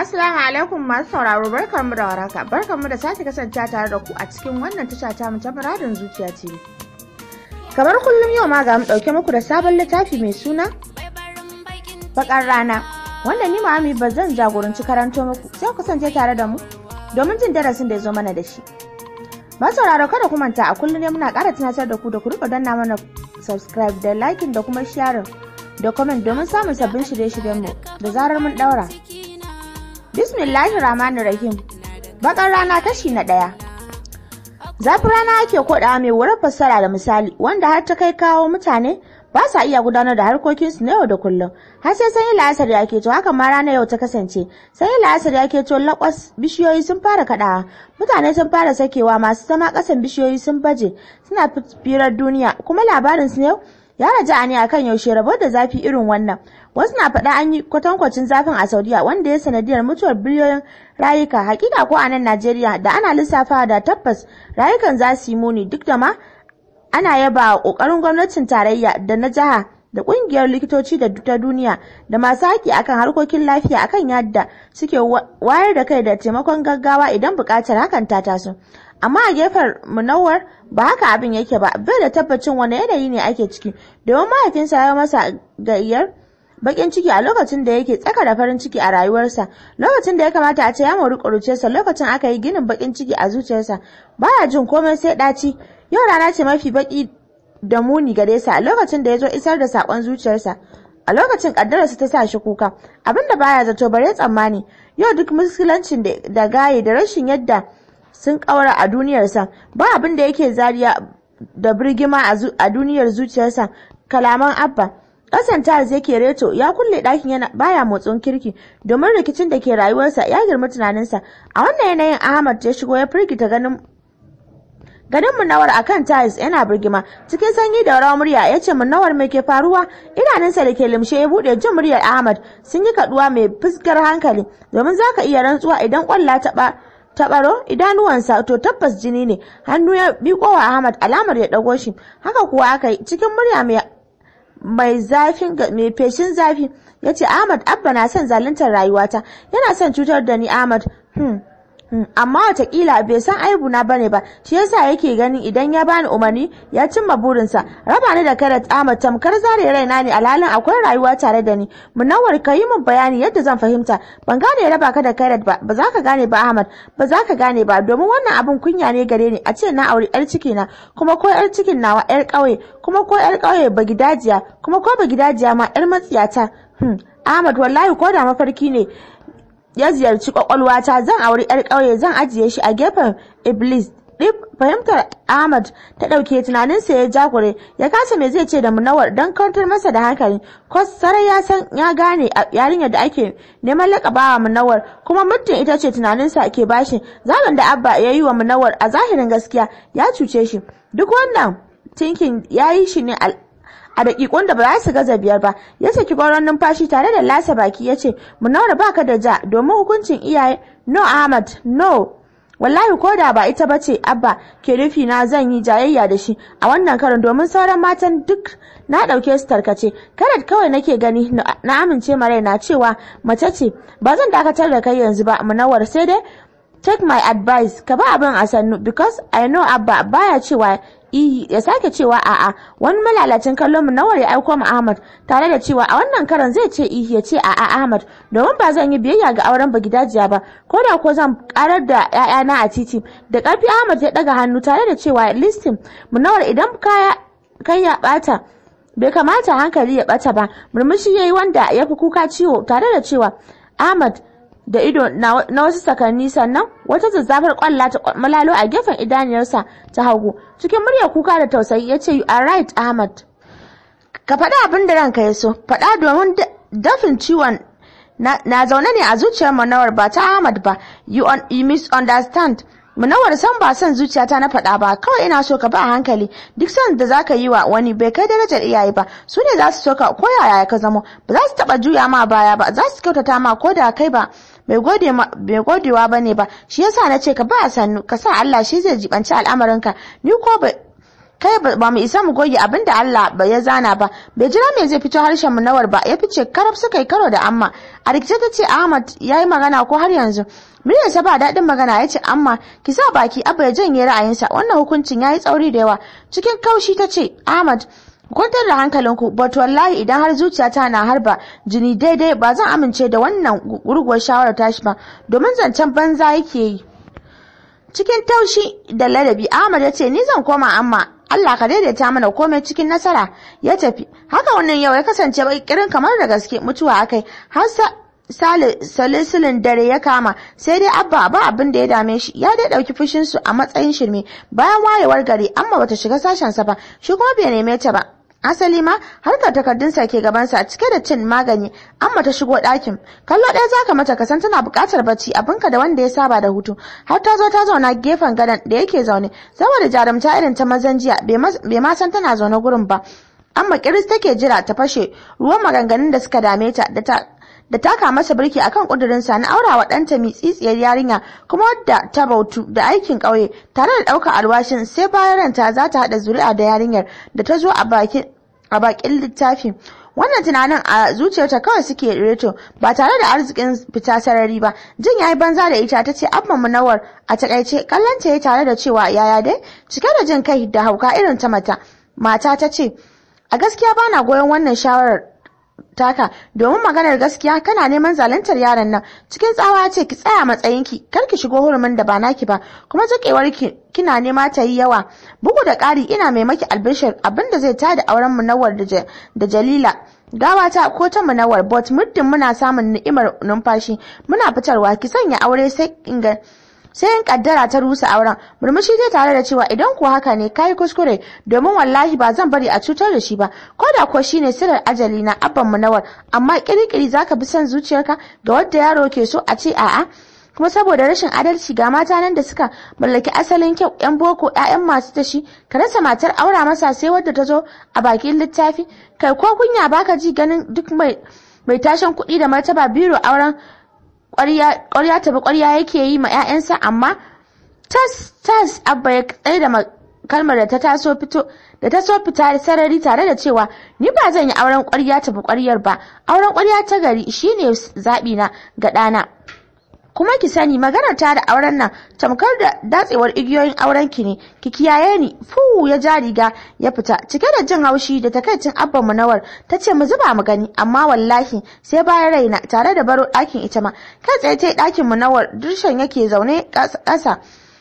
Assalamu alaikum masu sauraro barkanmu da waraka barkanmu da sake kasancewa tare da ku a cikin wannan tasha ta mu ta muradin zuciya ce. Kamar kullum yau ma ga mu dauke muku da sabon littafi mai suna Bakar rana wanda ni ma ba zan jagoranci karanto muku sai ku kasance tare da mu domin jin darasin da ya zo mana da shi. Masu sauraro kada ku manta a kullum ne muna ƙara tunatar da ku da ku rika danna mana subscribe da liking da kuma sharing da comment domin samun sabbin shirye shiryen mu da zarar mun daura. Bismillahir Rahmanir Rahim. Bakar rana tashi na ɗaya. Zafin rana ake koɗawa mai wurin fassara da misali wanda har ta kai kawo mutane ba sa iya gudanar da harkokin su na yau da kullum har sai sanyi la'asar ya to haka ma ranar yau ta kasance sanyi la'asar ya to lakwas bishiyoyi sun fara kaɗawa mutane sun fara sakewa masu zama ƙasan bishiyoyi sun baje suna firar duniya kuma labarin su ne yau ya raja ne akan yaushe rabo da zafi irin wannan wasu na faɗa an yi kwatankwacin zafin a saudiya wanda ya sanadiyar mutuwar biliyoyin rayuka hakika ko a nan najeriya da ana lissafa da tabbas rayukan za su yi muni duk da ma ana yaba ƙoƙarin gwamnatin tarayya da na jiha da ƙungiyar likitoci da ta duniya da masu haƙƙi akan harkokin lafiya akan yadda suke wayar da kai da taimakon gaggawa idan buƙatar hakan ta taso amma a gefen munawar ba haka abin yake ba bai da tabbacin wani yanayi ne ake ciki domin mahaifinsa ya masa gayyar bakin ciki a lokacin da yake tsaka da farin ciki a rayuwarsa lokacin da ya kamata a ce ya mori sa lokacin aka yi ginin bakin ciki a zuciyarsa baya jin komai sai ɗaci yau rana ce mafi baki da muni gare sa a lokacin da ya zo isar da sakon zuciyarsa a lokacin kaddararsa ta sa shi kuka abinda baya zato bare tsammani yau duk musulancin da gaye da rashin yadda sun kawara a duniyarsa ba abin da yake zariya da birgima a duniyar zuciyarsa kalaman abba kasan tiles yake reto ya kulle ɗakin yana baya motsin kirki domin rikicin da ke rayuwarsa ya girma tunaninsa a wannan yanayin ahmad ya shigo ya firgita ganin ganin munawar akan tiles yana birgima cikin sanyi da rawar murya ya ce munawar mai ke faruwa idanunsa da ke limshe ya bude jin muryar ahmad sun yi kaduwa mai fuskar hankali domin za ka iya rantsuwa idan kwalla ta ba taɓaro idanuwansa to tabbas jini ne hannu ya biko wa ahmad alamar ya ɗago shi haka kuwa aka yi cikin murya mai mai zafin mai feshin zafi ya ce ahmad abba na son zaluntar rayuwata yana son cutar da ni ahmad hmm. Mm, amma watakila bai san aibu na bane ba shi yasa yake ganin idan ya bani umarni ya cimma burinsa raba ni da karat tsama tamkar zare raina ne alhalin akwai rayuwa tare da ni munawar ka yi min bayani yadda zan fahimta ban gane raba ka da kairat ba ba za ka gane ba ahmad ba za ka gane ba domin wannan abun kunya ne gare ni a ce na auri yar ciki na kuma ko yar cikin nawa yar ƙauye kuma ko yar ƙauye ba gidajiya kuma ko ba gidajiya ma yar matsiyata hmm, ahmad wallahi ko da mafarki ne ya ziyarci kwakwalwata zan auri 'yar ƙauye zan ajiye shi a gefen iblis dip fahimtar ahmad ta dauke tunanin tunaninsa ya jagore ya kasa me zai ce da munawar don kwantar masa da hankali ko sarai ya san ya gane yarinyar da ake neman lakabawa munawar kuma muddin ita ce tunanin sa ke bashi zaben da abba ya yi wa munawar a zahirin gaskiya ya cuce shi duk wannan tinkin yayi yi shi ne al. a daƙiƙun da ba za su gaza biyar ba ya saki gwaron numfashi tare da lasa baki ya ce munawar baka da ja domin hukuncin iyaye no ahmad no wallahi ko da ba ita ba ce abba ke rufi na zan yi jayayya da shi a wannan karin domin sauran matan duk na ɗauke su tarkace karat kawai nake gani na amince ma na cewa mace ce ba zan dakatar da kai yanzu ba munawar sai dai take my advice ka ba abin a sannu because i know abba baya cewa ya sake cewa a'a wani malalacin kallon mu na ya aiko mu Ahmad tare da cewa a wannan karan zai ce ihi ya ce a'a Ahmad domin ba zan yi biyayya ga auren ba bagidajiya ba ko da ko zan karar da ƴaƴana a titi da karfi Ahmad ya ɗaga hannu tare da cewa listin mu nawar idan kaya kai ya bata bai kamata hankali ya bata ba murmushi yayi wanda ya fi kuka ciwo tare da cewa Ahmad da ido na wasu sakanni sannan wata zazzafar kwalla ta malalo a gefen idaniyarsa ta hagu cikin muryar kuka da tausayi ya ce you are right ahmad ka faɗa abin da ranka ya so faɗa domin dafin ciwon na zaune ne a zuciyar manawar ba ta ahmad ba you, misunderstand Munawar san ba son zuciyata na faɗa ba kawai ina so ka ba hankali duk son da ka yi wa wani bai kai darajar iyaye ba su ne za su so ka ko yaya ka zamo ba za su taɓa juya ma baya ba za su kyautata ma ko da kai ba bai godewa ba ne ba shi yasa na ce ka ba a sannu ka sa Allah shi zai jibanci al'amarinka ni ko kai ba mu isa mu goge abin da Allah ba ya zana ba bai jira me zai fito harshen mu nawar ba ya fice karab suka yi karo da amma a rikice ta ce Ahmad ya yi magana ko har yanzu Muryarsa ba daɗin magana ya ce amma ki sa baki abba ya janye ra'ayinsa wannan hukuncin ya yi tsauri da yawa cikin kaushi ta ce Ahmad kwantar da hankalinku but wallahi idan har zuciyata na harba jini daidai ba zan amince da wannan gurguwar shawarar tashi ba domin zancen banza yake yi cikin taushi da ladabi Ahmad ya ce ni zan koma amma Allah ka daidaita mana komai cikin nasara ya tafi haka wannan yau ya kasance bai kirin kamar da gaske mutuwa akai har salisilin dare ya kama sai dai abba ba abin da ya dame shi ya dai dauki fushin su a matsayin shirme bayan wayewar gari amma bata shiga sashen sa ba shi kuma bai neme ta ba asali ma harkar takardunsa ke gabansa a cike da cin magani amma ta shigo ɗakin kallo ɗaya zaka mata kasan tana buƙatar bacci abinka da wanda ya saba da hutu har ta zo ta zauna gefen gadon da yake zaune saboda jarumta irin ta mazan jiya bai ma san tana zaune gurin ba amma kiris take jira ta fashe ruwan maganganun da suka dame ta da ta da taka masa birki akan kudurinsa na aura wa mi tsitsiyar yarinya kuma wadda ta bautu da aikin ƙauye tare da ɗaukar alwashin sai bayan ranta za ta haɗa zuri'a da yarinyar da ta zo a bakin littafi wannan tunanin a zuciyarta kawai suke reto ba tare da arzikin fita sarari ba jin ya yi banza da ita ta ce abba munawar a takaice kallon ta tare da cewa yaya dai cike da jin kai da hauka irin ta mata mata ta ce a gaskiya bana goyon wannan shawarar taka domin maganar gaskiya kana neman zaluntar yaron nan cikin tsawa ce ki tsaya matsayinki kar ki shigo hurumin da ba naki ba kuma zakewar ki kina nema ta yi yawa bugu da ƙari ina mai maki albishir abinda zai tada auren munawar da jalila gawa ta ko ta munawar bot muddin muna samun ni'imar numfashi muna fitarwa ki sanya aure sai inga sai in kaddara ta rusa auren murmushi zai tare da cewa idan kuwa haka ne kai kuskure domin wallahi ba zan bari a cutar da shi ba ko da ko shine sirar ajali na abban mu nawar amma kirikiri zaka bi son zuciyarka ga wanda yaro ke so a ce a'a kuma saboda rashin adalci ga mata nan da suka mallaki asalin kyau yan boko ƴaƴan masu tashi ka rasa matar aura masa sai wadda ta zo a bakin littafi kai ko kunya baka ji ganin duk mai mai tashin kuɗi da martaba biro auren ƙwarya tafi ƙwarya yake yi ma 'ya'yansa amma tas tas abba ya tsaye da kalmar da ta taso fito da ta so fita sarari tare da cewa ni ba zan yi auren ƙwarya tafi ƙwaryar ba auren ƙwarya ta gari shine zaɓi na ga ɗana kuma ki sani maganar ta da auren nan tamkar da datsewar igiyoyin auren ki ne ki kiyaye ni fu ya ja riga ya fita cike da jin haushi da takaicin Abba munawar ta ce mu zuba mu gani amma wallahi sai bayan raina tare da baro ɗakin ita ma kai tsaye ta ɗakin munawar dirshan yake zaune ƙasa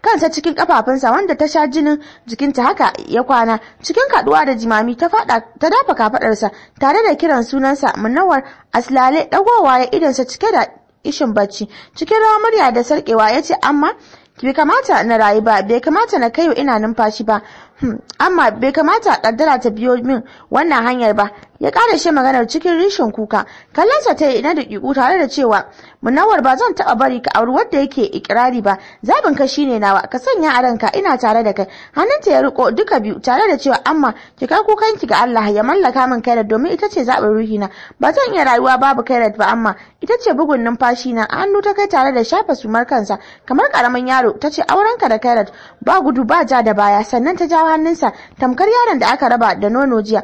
kansa cikin kafafunsa wanda ta sha jinin jikinta haka ya kwana cikin kaduwa da jimami ta fada ta dafa kafadarsa tare da kiran sunansa munawar aslale dagowa ya idansa cike da ishin bacci cikin rawar murya da sarkewa ya ce amma bai kamata na rayu ba bai kamata na kai ina numfashi ba Hmm, amma bai kamata a kaddara ta biyo min wannan hanyar ba ya ƙara shi maganar cikin rishin kuka kallonsa ta yi ina da ƙiƙu tare da cewa munawar ba zan taɓa bari ka auri wadda yake ikirari ba zabin ka shine nawa ka sanya a ranka ina tare da kai hannunta ya riko duka biyu tare da cewa amma ki kai kukanki ga Allah ya mallaka min kairat domin ita ce zaɓin ruhina ba zan iya rayuwa babu kairat ba amma ita ce bugun numfashi na hannu ta kai tare da shafa sumar kansa kamar ƙaramin yaro ta ce aurenka da kairat ba gudu ba ja da baya sannan ta ja hannunsa tamkar yaron da aka raba da nono jiya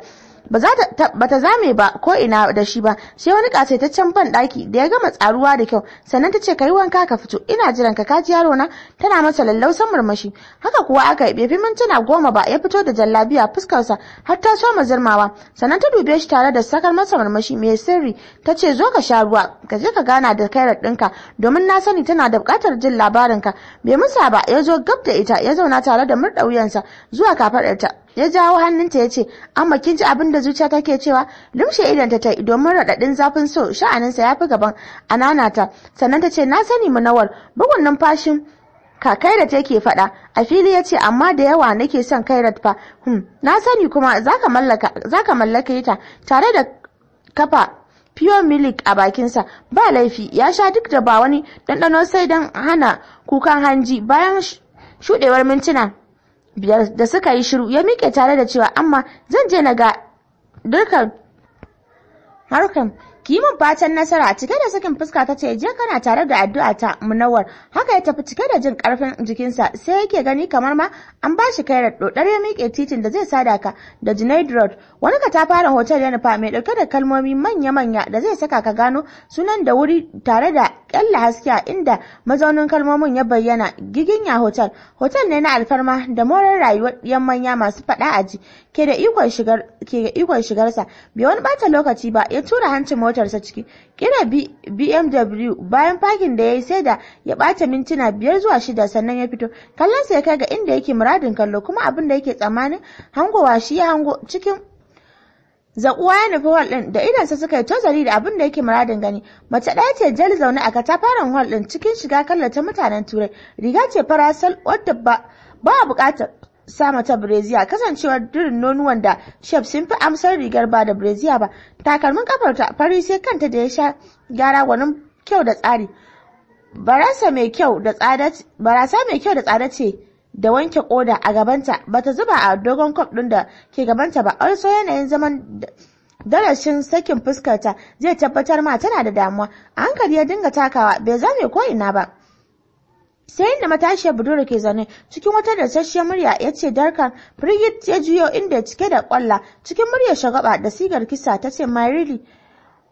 ba ta zame ba ko ina da shi ba sai wani kasaitaccen ban daki da ya gama tsaruwa da kyau sannan ta ce kai wanka ka fito ina jiran ka kaji yaro na tana masa lallausan murmushi haka kuwa aka yi bai mintuna goma ba ya fito da jallabiya fuskarsa har ta soma zirmawa sannan ta dube shi tare da sakar masa murmushi mai sirri ta ce zo ka sha ruwa ka je ka gana da kairar ɗinka domin na sani tana da buƙatar jin labarinka bai musa ba ya zo gab da ita ya zauna tare da murɗa wuyansa zuwa kafaɗarta ya jawo hannunta ya ce amma kin ji abin da zuciya take cewa lumshe idanta ta domin raɗaɗin zafin so sha'aninsa ya fi gaban ananata sannan ta ce na sani munawar bugun numfashin kakai da take faɗa a fili ya ce amma da yawa nake son kairat fa hmm. na sani kuma zaka mallaka zaka mallake ta tare da kafa pure milk a bakinsa ba laifi ya sha duk da ba wani ɗanɗano sai don hana kukan hanji bayan shuɗewar mintuna biyar da suka yi shiru ya miƙe tare da cewa amma zan je na ga dukkan harkan ki min fatan nasara cike da sakin fuska ta ce je kana tare da addu'a ta munawar haka ya tafi cike da jin karfin jikinsa sai yake gani kamar ma an ba shi kairar dodar ya miƙe titin da zai sadaka da Junaid Road wani katafaren hotel ya nufa mai dauke da kalmomi manya-manya da zai saka ka gano sunan da wuri tare da yalla haske a inda mazaunin kalmomin ya bayyana giginya hotel hotel ne na alfarma da morar rayuwar yan manya masu faɗa aji ke da ikon shigarsa bai wani bata lokaci ba ya tura hancin motarsa ciki kira bmw bayan fakin da ya yi sai da ya ɓata mintuna biyar zuwa shida sannan ya fito kallonsa ya kai ga inda yake muradin kallo kuma abin da yake tsammanin hangowa shi ya hango cikin zakuwa ya nufi hall ɗin da idansa suka yi tozali da abin da yake muradin gani mace ɗaya ce jal zaune a katafaren hall ɗin cikin shiga ta mutanen turai riga ce farasal wadda ba ba buƙatar sa mata Brazil kasancewar dirin nonuwan da shef sun fi amsar rigar ba da Brazil ba takalmin kafarta fari sai kanta da ya sha gyara gwanin kyau da tsari barasa mai kyau da tsada barasa mai kyau da tsada ce da wanke koda a gabanta bata zuba a dogon kwab ɗin da ke gabanta ba also yanayin zaman darasin sakin fuskarta zai tabbatar ma tana da damuwa a hankali ya dinga takawa bai zame ko ina ba sai inda matashiyar budurwa ke zane cikin wata dasasshiyar murya ya ce darkan frigid ya juyo inda cike da kwalla cikin muryar shagaba da sigar kisa ta ce my really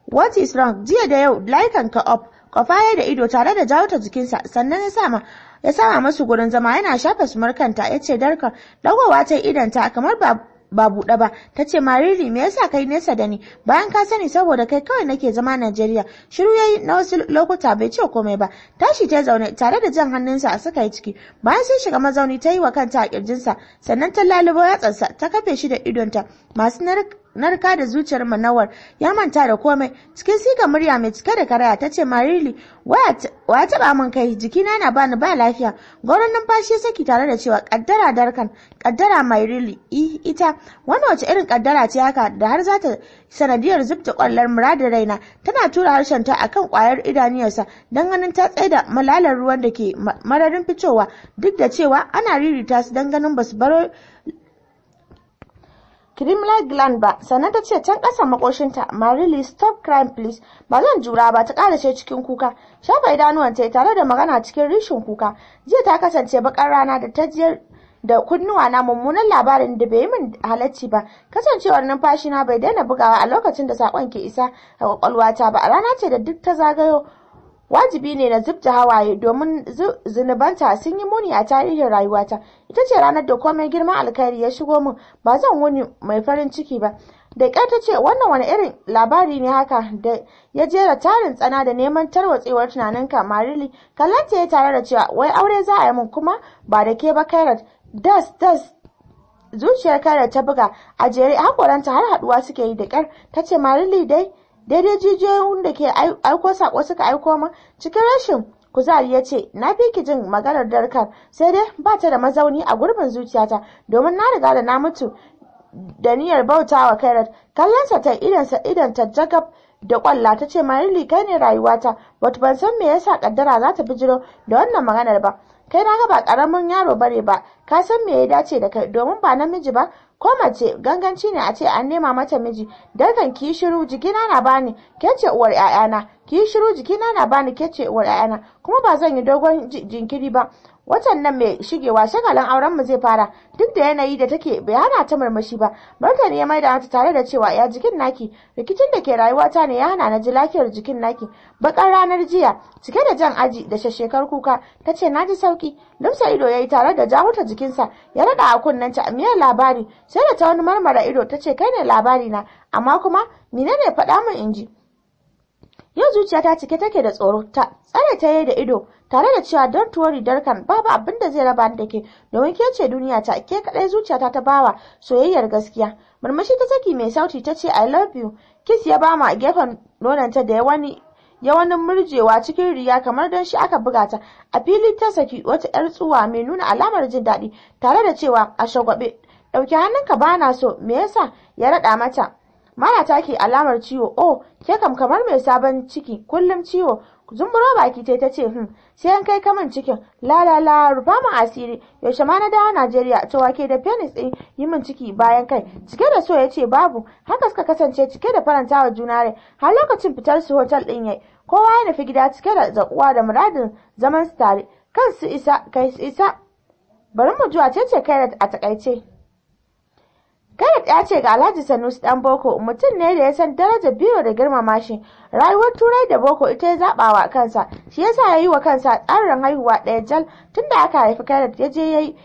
what is wrong jiya da yau laikan ka up kwafaye da ido tare da jawo ta jikinsa sannan ya sama ya sama masu gurin zama yana shafa sumarkanta ya ce darkan dagowa ta idanta kamar ba ba buɗe ba ta ce mariri me yasa kai nesa da ni bayan ka sani saboda kai kawai nake zama Najeriya shiru yayi na wasu lokuta bai ce komai ba tashi ta zaune tare da jan hannunsa suka yi ciki bayan sai shiga mazauni ta yi wa kanta a kirjinsa sannan ta lalubo yatsarsa ta kafe shi da idonta masu narka da zuciyar manawar ya manta da komai cikin siga murya mai cike da karaya ta ce marili waya taba min kai jikina na bani ba lafiya gauran numfashi saki tare da cewa kaddara darkan kaddara marili ita wani wace irin kaddara ce haka da har za ta sanadiyar zubta kwallar muradin raina tana tura harshen ta akan kwayar idaniyarsa don ganin ta da malalar ruwan da ke mararin fitowa duk da cewa ana ririta su don ganin basu baro Kirimla gland ba sannan ta ce can ƙasa makoshinta marily stop crime please ba zan jura ba ta ƙarashe cikin kuka shafa idanuwanta tare da magana cikin rishin kuka jiya ta kasance bakar rana da ta jiyar da kunnuwa na mummunan labarin da bai yi min halacci ba kasancewar numfashina bai daina bugawa a lokacin da saƙon ke isa a kwakwalwata ba rana ce da duk ta zagayo wajibi ne na zubta hawaye domin zunubanta sun yi muni a tarihin rayuwata ita ce ranar da komai girman alkhairi ya shigo min ba zan wuni mai farin ciki ba da ƙyar ta ce wannan wani irin labari ne haka da ya jera tarin tsana da neman tarwatsewar tunaninka marili kallanta ya tare da cewa wai aure za a yi min kuma ba da ke ba kairat das das zuciyar kairat ta buga a jere hakoranta har haduwa suke yi da ƙyar ta ce marili dai daidai jijiyoyin da ke aiko sako suka aiko min cikin rashin kuzari ya ce na fi ki jin maganar darkar sai dai ba ta da mazauni a gurbin zuciyata domin na riga da na mutu da niyyar bauta bautawa kairat kallonsa ta idansa idan ta jagab da kwalla ta ce marili kai ne rayuwata Wata ban san me yasa kaddara za ta bijiro da wannan maganar ba kai na ga ba karamin yaro bare ba ka san me ya dace da kai domin ba namiji ba ko mace ganganci ne a ce an nema mata miji dargan ki shiru jikina na bani ke ce uwar ƴaƴana ki shiru jikina na bani ke ce uwar ƴaƴana kuma ba zan yi dogon jinkiri ba watan nan mai shigewa shagalin auren mu zai fara duk da yanayi da take bai hana ta murmushi ba martani ya maida nata tare da cewa ya jikin naki rikicin da ke rayuwata ne ya hana na ji lafiyar jikin naki bakar ranar jiya cike da jan aji da shashekar kuka ta ce na ji sauki lumsa ido ya yi tare da jahuta jikinsa ya raɗa a kunnen a miyar labari sai da ta wani marmara ido ta ce kai ne labari na amma kuma ne faɗa min in ji yau zuciyata cike take da tsoro ta tsare ta yi da ido tare da cewa don tuwo ridar kan babu abin da zai raba ni da ke domin ke ce duniya ta ke kaɗai zuciyata ta bawa soyayyar gaskiya murmushi ta saki mai sauti ta ce i love you kiss ya bama a gefen nonanta da ya wani ya wani murjewa cikin riya kamar don shi aka buga ta a fili ta saki wata yar tsuwa mai nuna alamar jin daɗi tare da cewa a shagwabe ɗauki hannunka ba na so me yasa ya raɗa mata mana ke alamar ciwo oh ke kam kamar mai sabon ciki kullum ciwo zumburo baki tai ta ce hmm, sai an kai kaman cikin la la la rufa mu asiri yaushe ma na dawo Najeriya to wake da penis din yi min ciki bayan kai cike da so yace babu haka suka kasance cike da farantawa juna rai har lokacin fitar su hotel din yayi kowa ya nufi gida cike da zakuwa da muradin zaman su tare kan su isa kai isa bari mu juwa ce ce kai a takaice Karat ya ce ga Alhaji Sanusi dan Boko mutum ne da ya san daraja biyu da girmama shi. Rayuwar Turai da Boko ita ya zaba wa kansa. Shi yasa ya yi wa kansa tsarin haihuwa ɗaya jal tunda aka haifi Karat ya je ya yi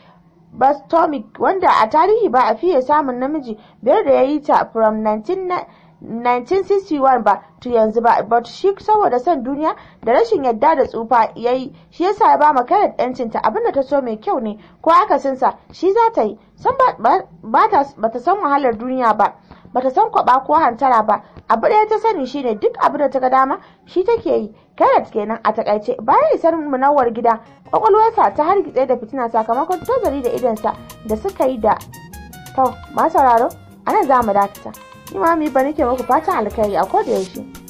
bastomic wanda a tarihi ba a fiye samun namiji biyar da ya yi ta from 19 1961 ba to yanzu ba but shi saboda son duniya da rashin yadda da tsufa yayi shi sa ya ba makarar ɗancinta abinda ta so mai kyau ne ko akasin sa shi za ta yi san ba ta san wahalar duniya ba ba ta san kwaba ko hantara ba abu ɗaya ta sani shi ne duk abu da ta ga dama shi take yi karat kenan a takaice bayan isar munawar gida kwakwalwarsa ta hargitse da fitina sakamakon tozari da idonsa da suka yi da to ma sauraro anan za mu dakata Imami ba ke muku fatan alkhairi a koda yaushe.